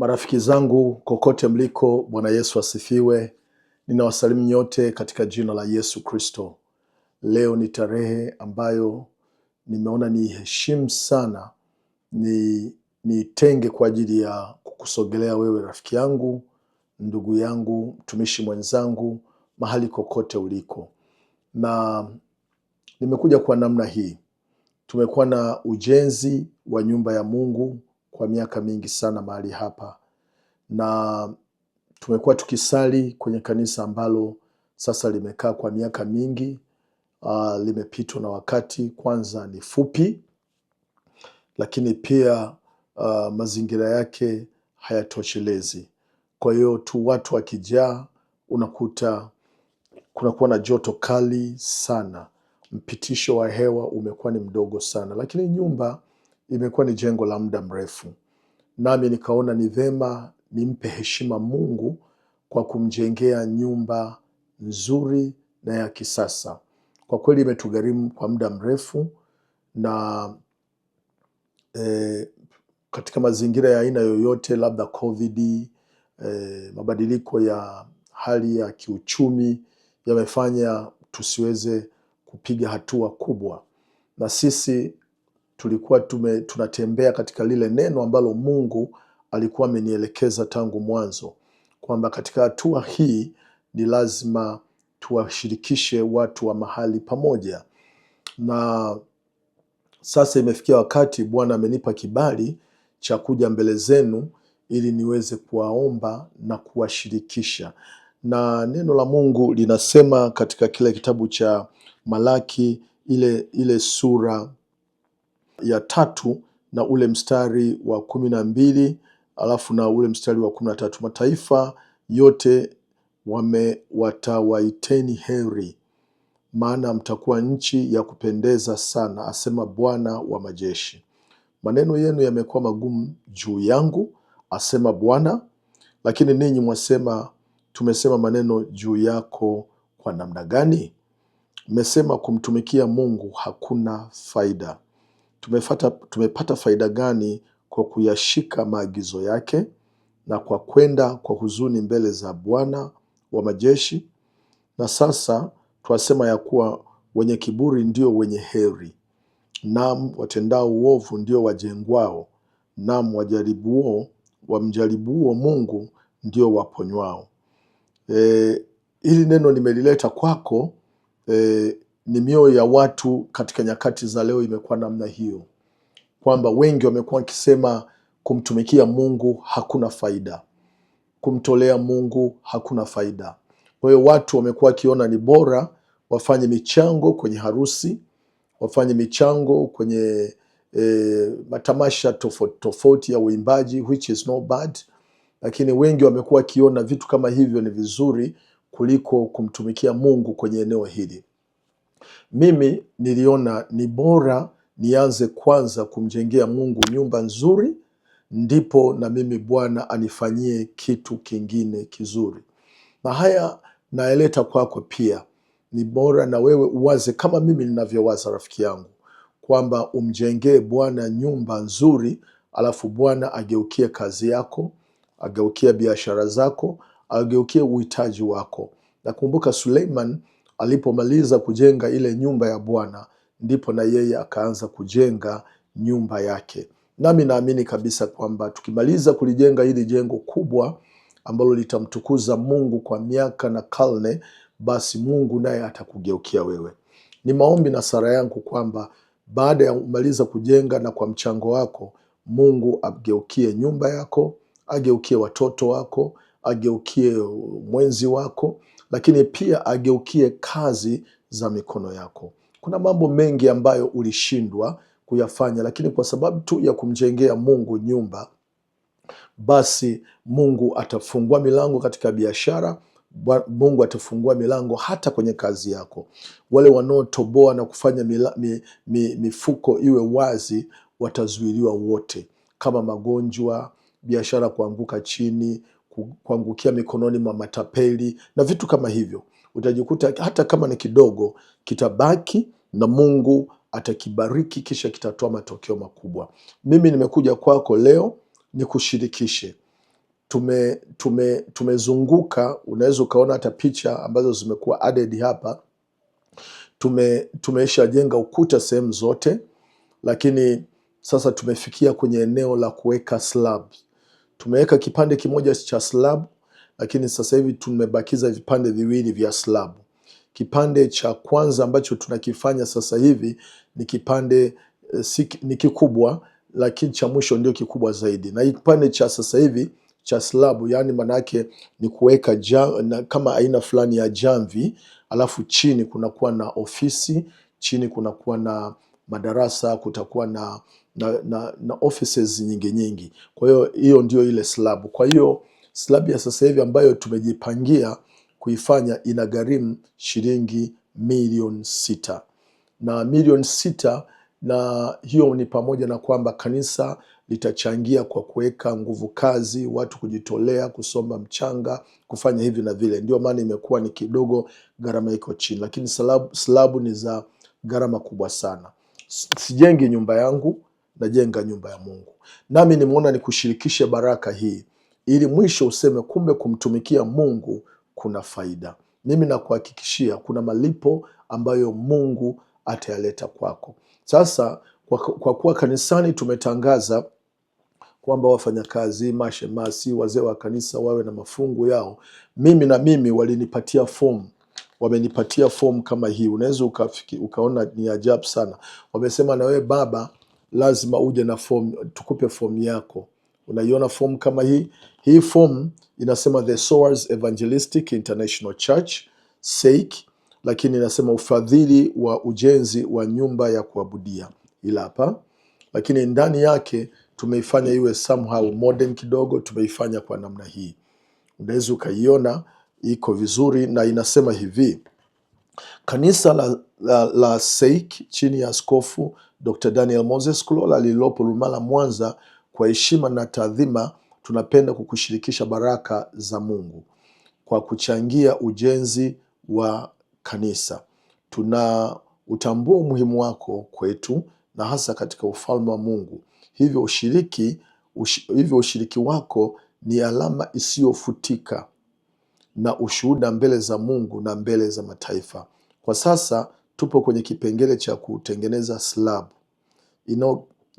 Marafiki zangu kokote mliko, Bwana Yesu asifiwe. Ninawasalimu nyote katika jina la Yesu Kristo. Leo ni tarehe ambayo nimeona ni heshimu sana ni niitenge kwa ajili ya kukusogelea wewe rafiki yangu, ndugu yangu, mtumishi mwenzangu, mahali kokote uliko, na nimekuja kwa namna hii. Tumekuwa na ujenzi wa nyumba ya Mungu kwa miaka mingi sana mahali hapa, na tumekuwa tukisali kwenye kanisa ambalo sasa limekaa kwa miaka mingi uh, limepitwa na wakati. Kwanza ni fupi, lakini pia uh, mazingira yake hayatoshelezi. Kwa hiyo tu watu wakijaa, unakuta kunakuwa na joto kali sana, mpitisho wa hewa umekuwa ni mdogo sana, lakini nyumba imekuwa ni jengo la muda mrefu, nami nikaona ni vema nimpe heshima Mungu kwa kumjengea nyumba nzuri na ya kisasa. Kwa kweli imetugharimu kwa muda mrefu na e, katika mazingira ya aina yoyote, labda COVID, e, mabadiliko ya hali ya kiuchumi yamefanya tusiweze kupiga hatua kubwa, na sisi tulikuwa tume, tunatembea katika lile neno ambalo Mungu alikuwa amenielekeza tangu mwanzo kwamba katika hatua hii ni lazima tuwashirikishe watu wa mahali pamoja, na sasa imefikia wakati Bwana amenipa kibali cha kuja mbele zenu ili niweze kuwaomba na kuwashirikisha. Na neno la Mungu linasema katika kile kitabu cha Malaki ile ile sura ya tatu na ule mstari wa kumi na mbili alafu na ule mstari wa kumi na tatu mataifa yote wamewatawaiteni watawaiteni heri, maana mtakuwa nchi ya kupendeza sana, asema Bwana wa majeshi. Maneno yenu yamekuwa magumu juu yangu, asema Bwana, lakini ninyi mwasema, tumesema maneno juu yako kwa namna gani? Mmesema kumtumikia Mungu hakuna faida tumefata, tumepata faida gani kwa kuyashika maagizo yake na kwa kwenda kwa huzuni mbele za Bwana wa majeshi. Na sasa twasema ya kuwa wenye kiburi ndio wenye heri, nam watendao uovu ndio wajengwao, nam wajaribuo wamjaribuo Mungu ndio waponywao. E, eh, hili neno nimelileta kwako e, ni mioyo ya watu katika nyakati za leo imekuwa namna hiyo, kwamba wengi wamekuwa wakisema kumtumikia Mungu hakuna faida, kumtolea Mungu hakuna faida. Kwa hiyo watu wamekuwa wakiona ni bora wafanye michango kwenye harusi, wafanye michango kwenye e, matamasha tofauti tofauti ya uimbaji, which is no bad, lakini wengi wamekuwa wakiona vitu kama hivyo ni vizuri kuliko kumtumikia Mungu kwenye eneo hili. Mimi niliona ni bora nianze kwanza kumjengea Mungu nyumba nzuri, ndipo na mimi Bwana anifanyie kitu kingine kizuri. Na haya naeleta kwako pia, ni bora na wewe uwaze kama mimi ninavyowaza, rafiki yangu, kwamba umjengee Bwana nyumba nzuri, alafu Bwana ageukie kazi yako, ageukie biashara zako, ageukie uhitaji wako. Nakumbuka Suleiman Alipomaliza kujenga ile nyumba ya Bwana, ndipo na yeye akaanza kujenga nyumba yake. Nami naamini kabisa kwamba tukimaliza kulijenga hili jengo kubwa ambalo litamtukuza Mungu kwa miaka na karne, basi Mungu naye atakugeukia wewe. Ni maombi na sara yangu kwamba baada ya kumaliza kujenga na kwa mchango wako, Mungu ageukie nyumba yako, ageukie watoto wako, ageukie mwenzi wako, lakini pia ageukie kazi za mikono yako. Kuna mambo mengi ambayo ulishindwa kuyafanya, lakini kwa sababu tu ya kumjengea Mungu nyumba, basi Mungu atafungua milango katika biashara. Mungu atafungua milango hata kwenye kazi yako. Wale wanaotoboa na kufanya mila, mi, mi, mifuko iwe wazi watazuiliwa wote, kama magonjwa, biashara kuanguka chini kuangukia mikononi mwa matapeli na vitu kama hivyo. Utajikuta hata kama ni kidogo kitabaki na Mungu atakibariki, kisha kitatoa matokeo makubwa. Mimi nimekuja kwako leo nikushirikishe tume tume tumezunguka, unaweza ukaona hata picha ambazo zimekuwa added hapa. Tume tumeshajenga ukuta sehemu zote, lakini sasa tumefikia kwenye eneo la kuweka slabs. Tumeweka kipande kimoja cha slab, lakini sasa hivi tumebakiza vipande viwili vya slab. Kipande cha kwanza ambacho tunakifanya sasa hivi ni kipande eh, si, ni kikubwa, lakini cha mwisho ndio kikubwa zaidi, na kipande cha sasa hivi cha slab, yani maana yake ni kuweka kama aina fulani ya jamvi, alafu chini kunakuwa na ofisi, chini kunakuwa na madarasa, kutakuwa na na, na, na offices nyingi nyingi. Kwa hiyo hiyo ndio ile slab. Kwa hiyo slab ya sasa hivi ambayo tumejipangia kuifanya ina gharimu shilingi milioni sita na milioni sita na hiyo ni pamoja na kwamba kanisa litachangia kwa kuweka nguvu kazi, watu kujitolea, kusomba mchanga, kufanya hivi na vile. Ndio maana imekuwa ni kidogo, gharama iko chini, lakini slabu, slabu ni za gharama kubwa sana. Sijengi nyumba yangu najenga nyumba ya Mungu. Nami nimeona nikushirikishe baraka hii ili mwisho useme kumbe kumtumikia Mungu kuna faida. Mimi nakuhakikishia kuna malipo ambayo Mungu atayaleta kwako. Sasa kwa, kwa kuwa kanisani tumetangaza kwamba wafanyakazi, mashemasi, wazee wa kanisa wawe na mafungu yao, mimi na mimi walinipatia fomu wamenipatia fomu kama hii. Unaweza ukaona ni ajabu sana. Wamesema na wewe baba lazima uje na form, tukupe fomu yako. Unaiona fomu kama hii. Hii fomu inasema The Sowers Evangelistic International Church SEIC, lakini inasema ufadhili wa ujenzi wa nyumba ya kuabudia ila hapa lakini ndani yake tumeifanya iwe somehow modern kidogo. Tumeifanya kwa namna hii, unaweza ukaiona iko vizuri, na inasema hivi Kanisa la, la, la Seik chini ya Askofu Dr. Daniel Moses Kulola lililopo Lumala, Mwanza, kwa heshima na taadhima, tunapenda kukushirikisha baraka za Mungu kwa kuchangia ujenzi wa kanisa. Tunautambua umuhimu wako kwetu na hasa katika ufalme wa Mungu. Hivyo ushiriki, ush, hivyo ushiriki wako ni alama isiyofutika na ushuhuda mbele za Mungu na mbele za mataifa. Kwa sasa tupo kwenye kipengele cha kutengeneza slab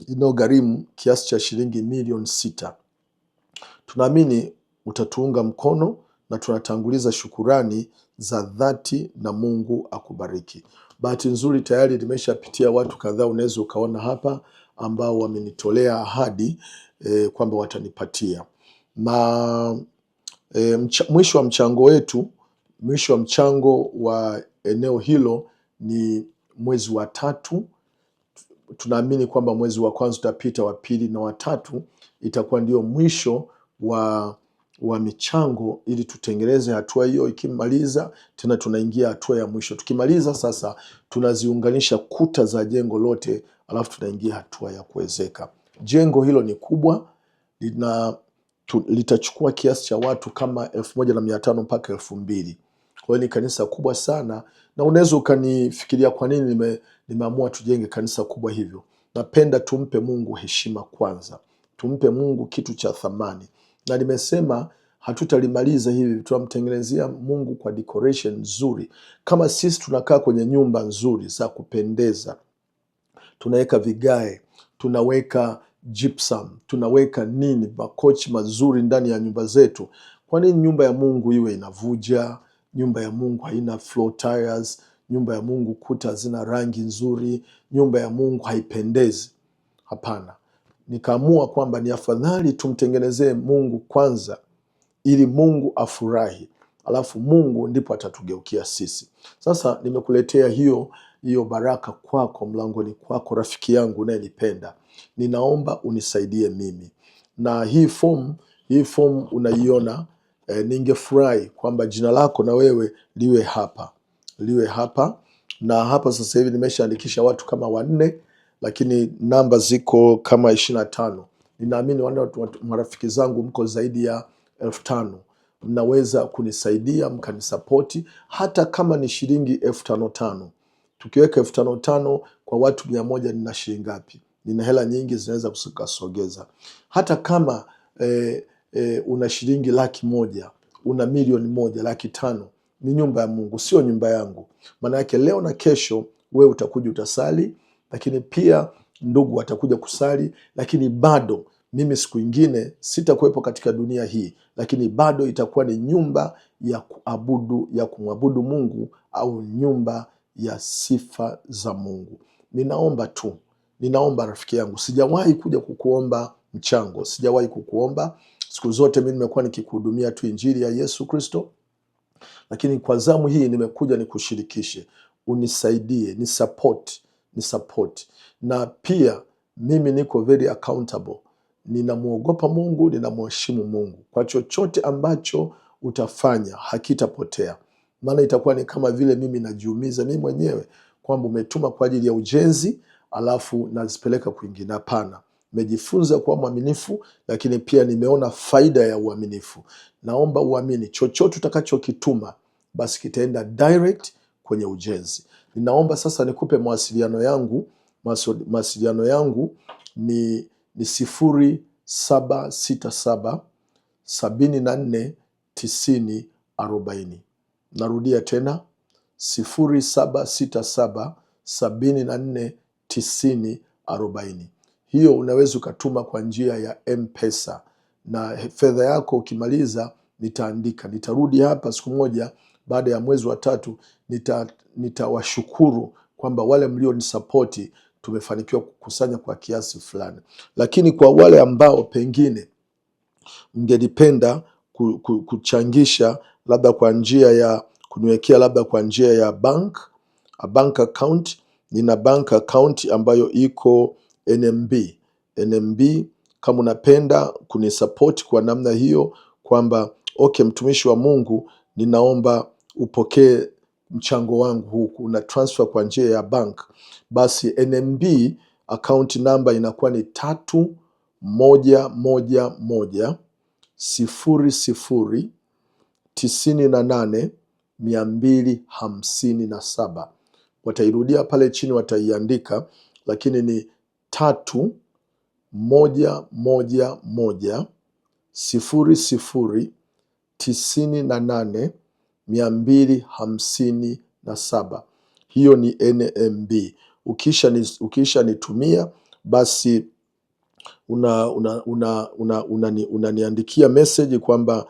inayogharimu kiasi cha shilingi milioni sita. Tunaamini utatuunga mkono na tunatanguliza shukurani za dhati na Mungu akubariki. Bahati nzuri tayari nimeshapitia watu kadhaa, unaweza ukaona hapa, ambao wamenitolea ahadi eh, kwamba watanipatia na E, mcha, mwisho wa mchango wetu, mwisho wa mchango wa eneo hilo ni mwezi wa tatu. Tunaamini kwamba mwezi wa kwanza utapita, wa pili na watatu itakuwa ndio mwisho wa wa michango ili tutengeneze hatua hiyo. Ikimaliza tena tunaingia hatua ya mwisho. Tukimaliza sasa, tunaziunganisha kuta za jengo lote, alafu tunaingia hatua ya kuwezeka. Jengo hilo ni kubwa, lina tu, litachukua kiasi cha watu kama elfu moja na mia tano mpaka elfu mbili kwa hiyo ni kanisa kubwa sana, na unaweza ukanifikiria kwa nini nime, nimeamua tujenge kanisa kubwa hivyo. Napenda tumpe Mungu heshima kwanza, tumpe Mungu kitu cha thamani, na nimesema hatutalimaliza hivi, tunamtengenezea Mungu kwa decoration nzuri. Kama sisi tunakaa kwenye nyumba nzuri za kupendeza, tunaweka vigae, tunaweka gypsum, tunaweka nini, makochi mazuri ndani ya nyumba zetu. Kwa nini nyumba ya Mungu iwe inavuja? Nyumba ya Mungu haina floor tiles, nyumba ya Mungu kuta hazina rangi nzuri, nyumba ya Mungu haipendezi. Hapana, nikaamua kwamba ni afadhali tumtengenezee Mungu kwanza, ili Mungu afurahi, alafu Mungu ndipo atatugeukia sisi. Sasa nimekuletea hiyo hiyo baraka kwako, mlangoni kwako, rafiki yangu unayenipenda, ninaomba unisaidie mimi. Na hii fomu hii fomu unaiona e, ningefurahi kwamba jina lako na wewe liwe hapa liwe hapa na hapa. Sasa hivi nimeshaandikisha watu kama wanne, lakini namba ziko kama ishirini na tano. Ninaamini wale marafiki zangu mko zaidi ya elfu tano mnaweza kunisaidia mkanisapoti hata kama ni shilingi elfu tano tano tukiweka elfu tano tano kwa watu mia moja nina shilingi ngapi? Nina hela nyingi zinaweza kusogeza. Hata kama e, e, una shilingi laki moja una milioni moja laki tano ni nyumba ya Mungu, sio nyumba yangu. Maana yake leo na kesho we utakuja utasali, lakini pia ndugu watakuja kusali, lakini bado mimi siku ingine sitakuwepo katika dunia hii, lakini bado itakuwa ni nyumba ya kuabudu ya kumwabudu Mungu au nyumba ya sifa za Mungu. Ninaomba tu, ninaomba rafiki yangu, sijawahi kuja kukuomba mchango, sijawahi kukuomba. Siku zote mi nimekuwa nikikuhudumia tu injili ya Yesu Kristo, lakini kwa zamu hii nimekuja nikushirikishe, unisaidie, ni support, ni support. Na pia mimi niko very accountable, ninamwogopa Mungu, ninamheshimu Mungu. Kwa chochote ambacho utafanya hakitapotea maana itakuwa ni kama vile mimi najiumiza mimi mwenyewe kwamba umetuma kwa ajili ya ujenzi alafu nazipeleka kwingine. Hapana, nimejifunza kuwa mwaminifu, lakini pia nimeona faida ya uaminifu. Naomba uamini, chochote utakachokituma basi kitaenda direct kwenye ujenzi. Ninaomba sasa nikupe mawasiliano yangu. Mawasiliano yangu ni, ni sifuri saba sita saba sabini na nne tisini arobaini. Narudia tena 0767 nne tisini arobaini Hiyo unaweza ukatuma kwa njia ya Mpesa na fedha yako ukimaliza, nitaandika. Nitarudi hapa siku moja baada ya mwezi wa tatu, nitawashukuru nita kwamba wale mlionisapoti tumefanikiwa kukusanya kwa kiasi fulani, lakini kwa wale ambao pengine mngelipenda kuchangisha labda kwa njia ya kuniwekea labda kwa njia ya bank, a bank account. Nina bank account ambayo iko NMB. NMB kama unapenda kunisupport kwa namna hiyo kwamba okay, mtumishi wa Mungu, ninaomba upokee mchango wangu huku na transfer kwa njia ya bank, basi NMB account number inakuwa ni tatu moja moja moja sifuri sifuri tisini na nane mia mbili hamsini na saba. Watairudia pale chini, wataiandika, lakini ni tatu moja moja moja sifuri sifuri tisini na nane mia mbili hamsini na saba. Hiyo ni NMB. Ukisha nitumia basi unaniandikia una, una, una, una, una message kwamba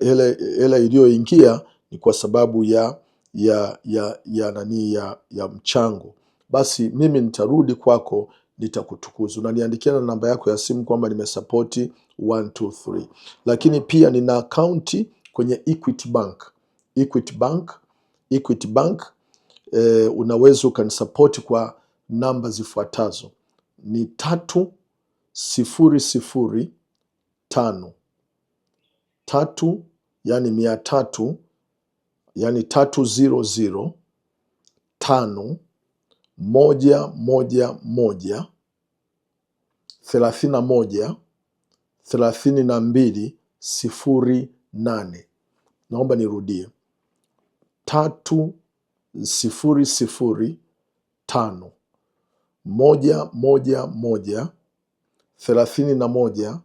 hela iliyoingia ni kwa sababu ya ya ya ya nani ya, ya mchango, basi mimi nitarudi kwako nitakutukuza. Unaniandikia na namba yako ya simu kwamba nimesapoti 123, lakini pia nina akaunti kwenye Equity Bank, Equity Bank, Equity Bank. Eh, unaweza ukanisapoti kwa namba zifuatazo ni tatu sifuri sifuri tano tatu, yani mia tatu, yani tatu ziro ziro tano moja moja moja thelathini na moja thelathini na mbili sifuri nane. Naomba nirudie tatu sifuri sifuri tano moja moja moja thelathini na moja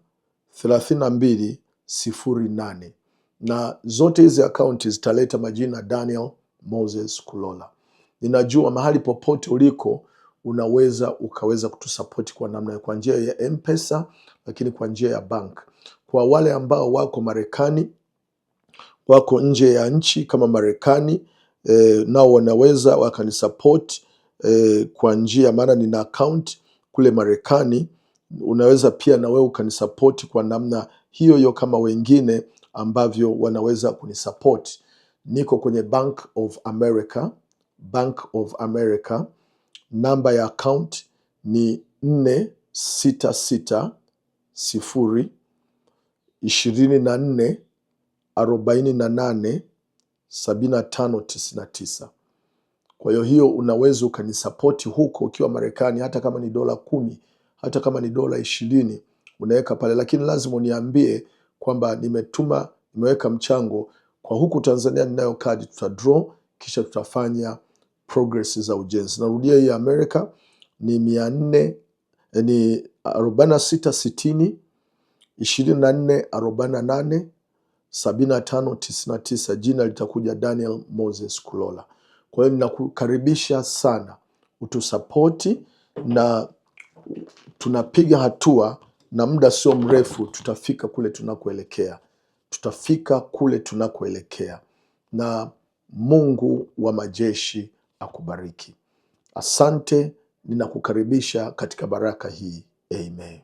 thelathini na mbili sifuri nane na zote hizi akaunti zitaleta majina Daniel Moses Kulola. Ninajua mahali popote uliko unaweza ukaweza kutusapoti kwa namna, kwa njia ya Mpesa, lakini kwa njia ya bank. Kwa wale ambao wako Marekani, wako nje ya nchi kama Marekani, eh, nao wanaweza wakanisapoti eh, kwa njia, maana nina akaunti kule Marekani unaweza pia na wewe ukanisapoti kwa namna hiyo hiyo kama wengine ambavyo wanaweza kunisapoti. Niko kwenye Bank of America, Bank of America. Namba ya account ni nne sita sita sifuri ishirini na nne arobaini na nane sabini na tano tisini na tisa. Kwa hiyo hiyo unaweza ukanisapoti huko ukiwa Marekani, hata kama ni dola kumi hata kama ni dola ishirini unaweka pale, lakini lazima uniambie kwamba nimetuma, nimeweka mchango kwa huku Tanzania ninayo kadi, tuta draw kisha tutafanya progress za ujenzi. Narudia hii Amerika ni mia nne eh, ni arobaini na sita sitini ishirini na nne arobaini na nane sabini na tano tisini na tisa. Jina litakuja Daniel Moses Kulola. Kwa hiyo ninakukaribisha sana utusapoti na tunapiga hatua na muda sio mrefu tutafika kule tunakoelekea, tutafika kule tunakoelekea. Na Mungu wa majeshi akubariki. Asante, ninakukaribisha katika baraka hii. Amen.